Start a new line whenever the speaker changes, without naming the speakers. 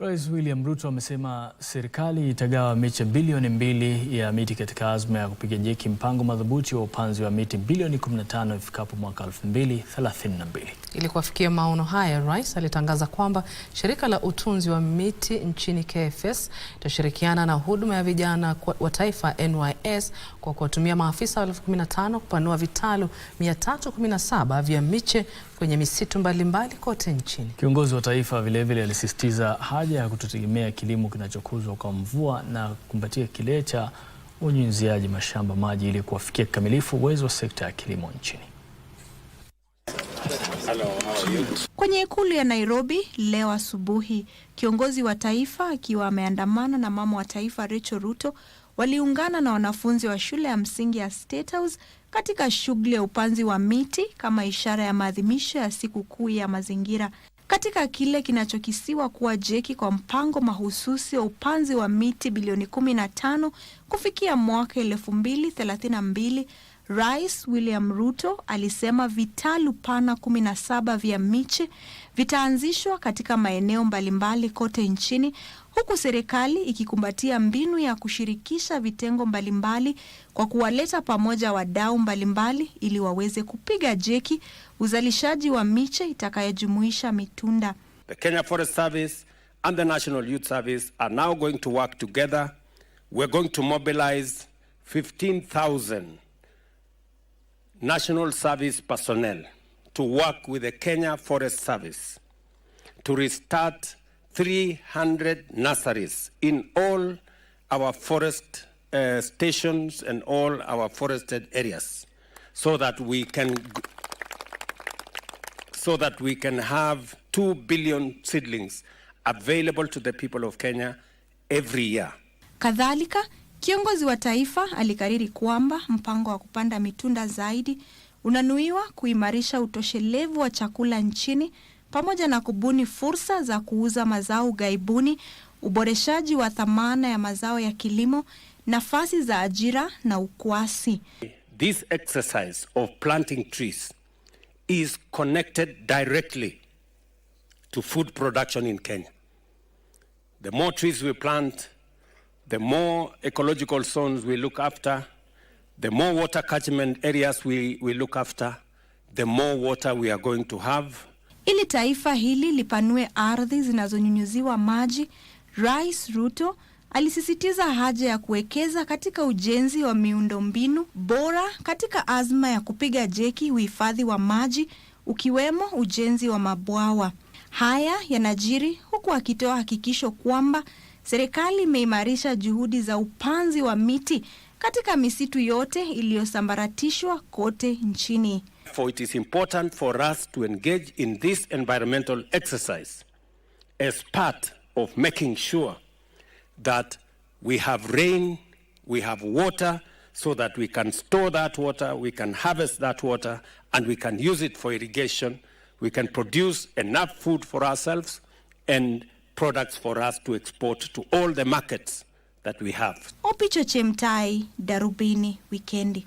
Rais William Ruto amesema serikali itagawa miche bilioni mbili ya miti katika azma ya kupiga jeki mpango madhubuti wa upanzi wa miti bilioni 15 ifikapo mwaka 2032.
Ili kuafikia maono haya, rais alitangaza kwamba shirika la utunzi wa miti nchini KFS itashirikiana na huduma ya vijana wa taifa NYS kwa kuwatumia maafisa 15,000 kupanua vitalu 317 vya miche kwenye misitu mbalimbali mbali kote nchini.
Kiongozi wa taifa vilevile alisisitiza haja haja ya kutotegemea kilimo kinachokuzwa kwa mvua na kumbatia kile cha unyunyiziaji mashamba maji ili kuwafikia kikamilifu uwezo wa sekta ya kilimo nchini.
Kwenye ikulu ya Nairobi leo asubuhi, kiongozi wa taifa akiwa ameandamana na mama wa taifa Rachel Ruto waliungana na wanafunzi wa shule ya msingi ya State House katika shughuli ya upanzi wa miti kama ishara ya maadhimisho ya siku kuu ya mazingira katika kile kinachokisiwa kuwa jeki kwa mpango mahususi wa upanzi wa miti bilioni 15 kufikia mwaka 2032 Rais William Ruto alisema vitalu pana 17 vya miche vitaanzishwa katika maeneo mbalimbali kote nchini huku serikali ikikumbatia mbinu ya kushirikisha vitengo mbalimbali kwa kuwaleta pamoja wadau mbalimbali ili waweze kupiga jeki uzalishaji wa miche itakayojumuisha mitunda.
The Kenya Forest Service and the National Youth Service are now going to work together. We're going to mobilize 15,000 national service personnel to work with the Kenya Forest Service to restart 300 nurseries in all our forest uh, stations and all our forested areas so that we can so that we can have 2 billion seedlings available to the people of Kenya every year.
Kadhalika Kiongozi wa taifa alikariri kwamba mpango wa kupanda mitunda zaidi unanuiwa kuimarisha utoshelevu wa chakula nchini pamoja na kubuni fursa za kuuza mazao ughaibuni, uboreshaji wa thamana ya mazao ya kilimo, nafasi za ajira na ukwasi.
This exercise of planting trees is connected directly to food production in Kenya. The more trees we plant, the more ecological zones we look after, the more water catchment areas we, we look after, the more water we are going to have.
Ili taifa hili lipanue ardhi zinazonyunyuziwa maji, Rais Ruto alisisitiza haja ya kuwekeza katika ujenzi wa miundombinu bora katika azma ya kupiga jeki uhifadhi wa maji ukiwemo ujenzi wa mabwawa. Haya yanajiri huku akitoa hakikisho kwamba serikali imeimarisha juhudi za upanzi wa miti katika misitu yote iliyosambaratishwa kote nchini.
For it is important for us to engage in this environmental exercise as part of making sure that we have rain, we have water so that we can store that water, we can harvest that water and we can use it for irrigation, we can produce enough food for ourselves and products for us to export to all the markets that we have.
Opicho Chemtai, Darubini Wikendi.